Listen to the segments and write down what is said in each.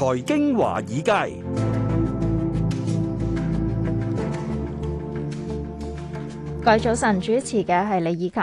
財經華爾街，各位早晨，主持嘅係李以琴。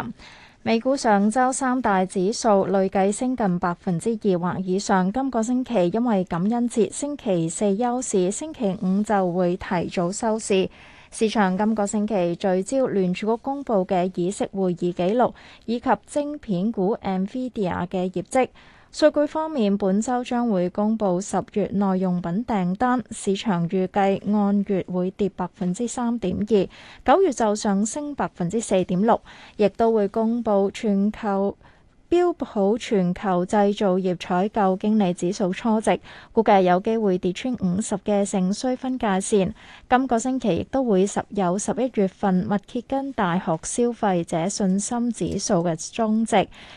美股上周三大指數累計升近百分之二或以上，今個星期因為感恩節，星期四休市，星期五就會提早收市。市場今個星期聚焦聯儲局公布嘅議息會議記錄，以及晶片股 NVIDIA 嘅業績。數據方面，本周將會公布十月內用品訂單，市場預計按月會跌百分之三點二，九月就上升百分之四點六，亦都會公布全球。標普全球製造業採購經理指數初值估計有機會跌穿五十嘅盛衰分界線。今個星期亦都會十有十一月份密歇根大學消費者信心指數嘅終值，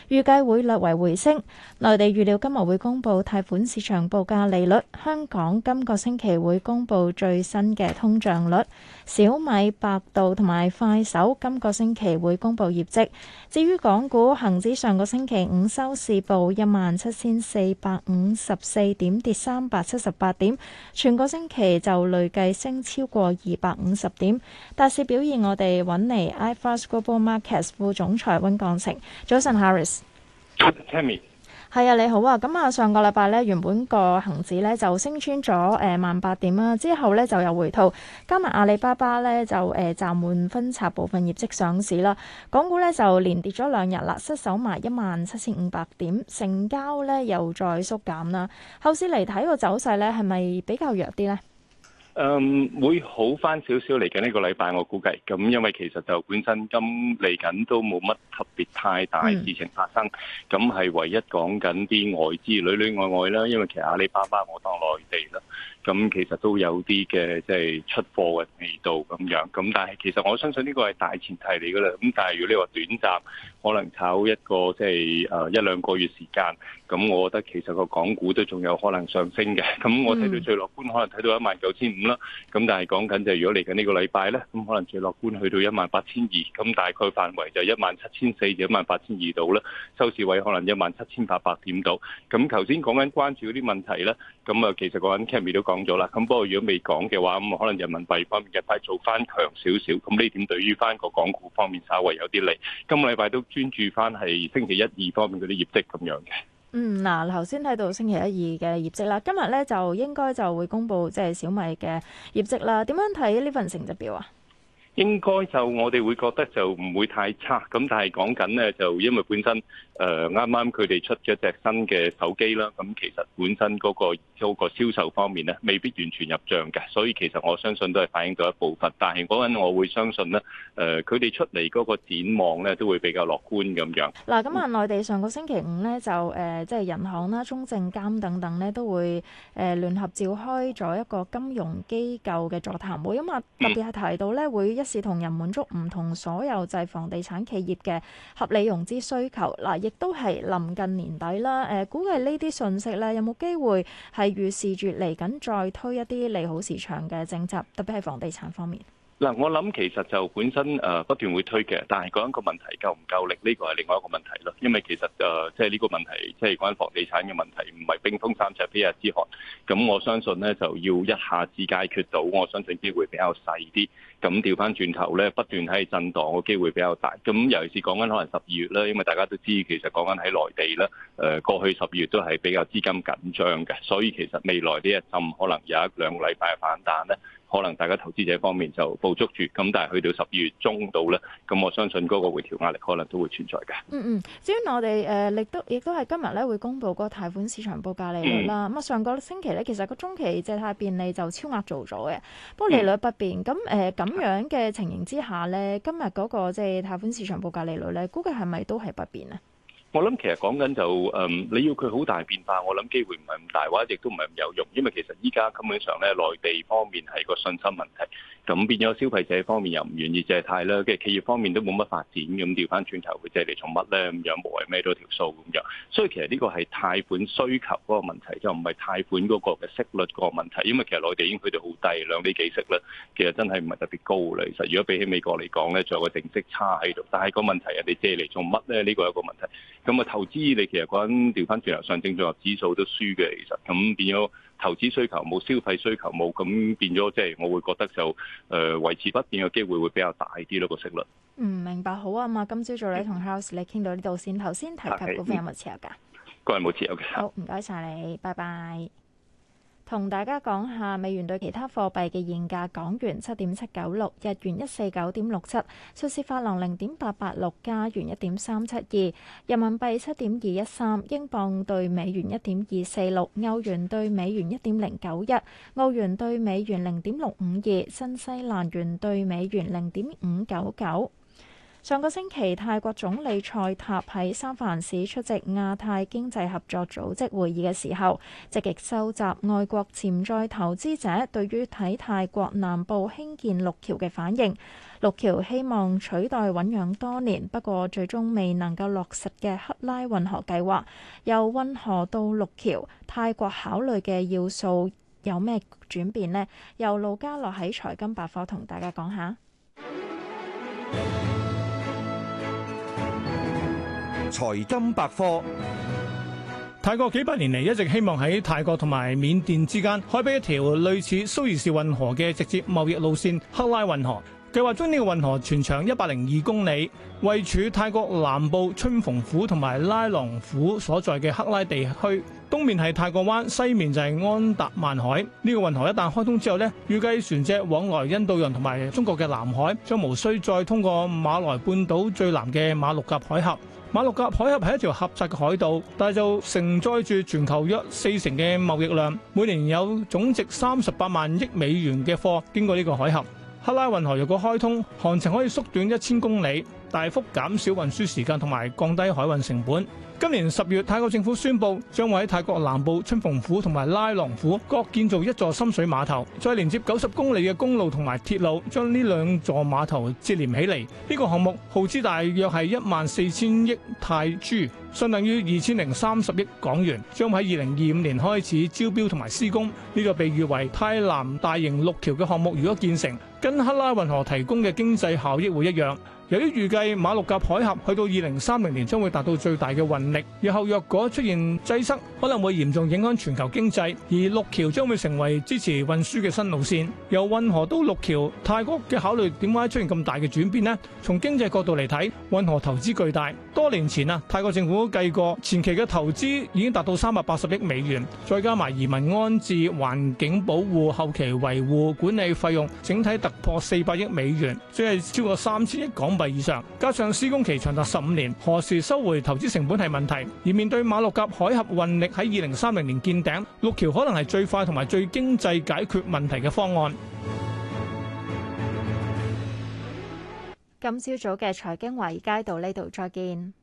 預計會略為回升。內地預料今日會公佈貸款市場報價利率。香港今個星期會公佈最新嘅通脹率。小米、百度同埋快手今個星期會公佈業績。至於港股恒指上個星期，星期五收市報一萬七千四百五十四點，跌三百七十八點，全個星期就累計升超過二百五十點。大市表現，我哋搵嚟 iFirst Global Markets 副總裁溫鋼晴。早晨，Harris。係啊，你好啊，咁啊，上個禮拜咧，原本個恒指咧就升穿咗誒、呃、萬八點啦，之後咧就有回吐，加埋阿里巴巴咧就誒暫緩分拆部分業績上市啦。港股咧就連跌咗兩日啦，失守埋一萬七千五百點，成交咧又再縮減啦。後市嚟睇個走勢咧，係咪比較弱啲咧？嗯，um, 會好翻少少嚟緊呢個禮拜，我估計，咁因為其實就本身今嚟緊都冇乜特別太大事情發生，咁係、mm. 唯一講緊啲外資裏裏外外啦。因為其實阿里巴巴我當。內地啦，咁其實都有啲嘅，即係出貨嘅味道咁樣。咁但係其實我相信呢個係大前提嚟噶啦。咁但係如果你話短暫，可能炒一個即係誒一兩個月時間，咁我覺得其實個港股都仲有可能上升嘅。咁我睇到最樂觀可能睇到一萬九千五啦。咁但係講緊就如果嚟緊呢個禮拜呢，咁可能最樂觀去到一萬八千二，咁大概範圍就一萬七千四至一萬八千二度啦。收市位可能一萬七千八百點度。咁頭先講緊關注嗰啲問題呢。咁啊。其實個 Uncle 咪都講咗啦，咁不過如果未講嘅話，咁可能人民幣方面一派做翻強少少，咁呢點對於翻個港股方面稍微有啲利。今個禮拜都專注翻係星期一、二方面嗰啲業績咁樣嘅。嗯，嗱、啊，頭先睇到星期一、二嘅業績啦，今日咧就應該就會公布即係、就是、小米嘅業績啦。點樣睇呢份成績表啊？應該就我哋會覺得就唔會太差咁，但係講緊呢，就因為本身誒啱啱佢哋出咗隻新嘅手機啦，咁其實本身嗰個嗰個銷售方面呢，未必完全入帳嘅，所以其實我相信都係反映到一部分。但係嗰陣我會相信呢，誒佢哋出嚟嗰個展望呢，都會比較樂觀咁樣。嗱，咁啊內地上個星期五呢，就誒即係銀行啦、中證監等等呢，都會誒、呃、聯合召開咗一個金融機構嘅座談會，咁啊特別係提到呢會，一視同仁滿足唔同所有制房地產企業嘅合理融資需求嗱、啊，亦都係臨近年底啦。誒、呃，估計呢啲信息咧有冇機會係預示住嚟緊再推一啲利好市場嘅政策，特別係房地產方面。嗱，我諗其實就本身誒不斷會推嘅，但係講緊個問題夠唔夠力呢個係另外一個問題咯。因為其實誒即係呢個問題即係講緊房地產嘅問題，唔係冰封三尺非一日之寒。咁我相信咧就要一下子解決到，我相信機會比較細啲。咁調翻轉頭咧，不斷喺震盪嘅機會比較大。咁尤其是講緊可能十二月啦，因為大家都知其實講緊喺內地啦，誒過去十二月都係比較資金緊張嘅，所以其實未來呢一陣可能有一兩個禮拜反彈咧。可能大家投資者方面就捕捉住，咁但係去到十二月中度咧，咁我相信嗰個回調壓力可能都會存在嘅。嗯嗯，至於我哋誒、呃，亦都亦都係今日咧會公布嗰個貸款市場報價利率啦。咁啊、嗯，上個星期咧，其實個中期借貸便利就超額做咗嘅，不過利率不變。咁誒咁樣嘅情形之下咧，今日嗰個即係貸款市場報價利率咧，估計係咪都係不變啊？我諗其實講緊就誒、嗯，你要佢好大變化，我諗機會唔係咁大，或者亦都唔係咁有用，因為其實依家根本上咧，內地方面係個信心問題，咁變咗消費者方面又唔願意借貸啦，跟住企業方面都冇乜發展，咁調翻轉頭佢借嚟做乜咧？咁樣無謂孭多條數咁樣，所以其實呢個係貸款需求嗰個問題，就唔係貸款嗰個嘅息率嗰個問題，因為其實內地已經去到好低，兩點幾息啦，其實真係唔係特別高啦。其實如果比起美國嚟講咧，仲有個淨息差喺度，但係個問題人哋借嚟做乜咧？呢個有一個問題。咁啊、嗯，投資你其實講緊調翻轉頭上證綜合指數都輸嘅，其實咁變咗投資需求冇，消費需求冇，咁變咗即係我會覺得就誒、呃、維持不變嘅機會會比較大啲咯，個息率。唔、嗯、明白好啊嘛，今朝早你同 House 你傾到呢度先，頭先提及股份有冇持有㗎？個人冇持有嘅。好，唔該晒你，拜拜。同大家講下美元對其他貨幣嘅現價：港元七點七九六，日元一四九點六七，瑞士法郎零點八八六，加元一點三七二，人民幣七點二一三，英鎊對美元一點二四六，歐元對美元一點零九一，澳元對美元零點六五二，新西蘭元對美元零點五九九。上個星期，泰國總理蔡塔喺三藩市出席亞太經濟合作組織會議嘅時候，積極收集外國潛在投資者對於睇泰國南部興建陸橋嘅反應。陸橋希望取代醖釀多年不過最終未能夠落實嘅克拉運河計劃，由運河到陸橋，泰國考慮嘅要素有咩轉變呢？由盧家樂喺財經百科同大家講下。財金百科。泰國幾百年嚟，一直希望喺泰國同埋緬甸之間開闢一條類似蘇伊士運河嘅直接貿易路線——克拉運河。計劃將呢個運河全長一百零二公里，位處泰國南部春蓬府同埋拉朗府所在嘅克拉地區。東面係泰國灣，西面就係安達曼海。呢、這個運河一旦開通之後呢，預計船隻往來印度洋同埋中國嘅南海將無需再通過馬來半島最南嘅馬六甲海峽。馬六甲海峽係一條狹窄嘅海道，但係就承載住全球約四成嘅貿易量，每年有總值三十八萬億美元嘅貨經過呢個海峽。克拉運河如果開通，航程可以縮短一千公里。大幅減少運輸時間，同埋降低海運成本。今年十月，泰國政府宣布將會喺泰國南部春蓬府同埋拉廊府各建造一座深水碼頭，再連接九十公里嘅公路同埋鐵路，將呢兩座碼頭接連起嚟。呢、這個項目耗資大約係一萬四千億泰銖，相當於二千零三十億港元，將喺二零二五年開始招標同埋施工。呢、這個被譽為泰南大型陸橋嘅項目，如果建成，跟克拉運河提供嘅經濟效益會一樣。由於預計馬六甲海峽去到二零三零年將會達到最大嘅運力，以後若果出現擠塞，可能會嚴重影響全球經濟，而陸橋將會成為支持運輸嘅新路線。由運河到陸橋，泰國嘅考慮點解出現咁大嘅轉變呢？從經濟角度嚟睇，運河投資巨大，多年前啊，泰國政府都計過前期嘅投資已經達到三百八十億美元，再加埋移民安置、環境保護、後期維護管理費用，整體突破四百億美元，即係超過三千億港幣。以上，加上施工期長達十五年，何時收回投資成本係問題。而面對馬六甲海峽運力喺二零三零年見頂，六橋可能係最快同埋最經濟解決問題嘅方案。今朝早嘅財經華爾街到呢度再見。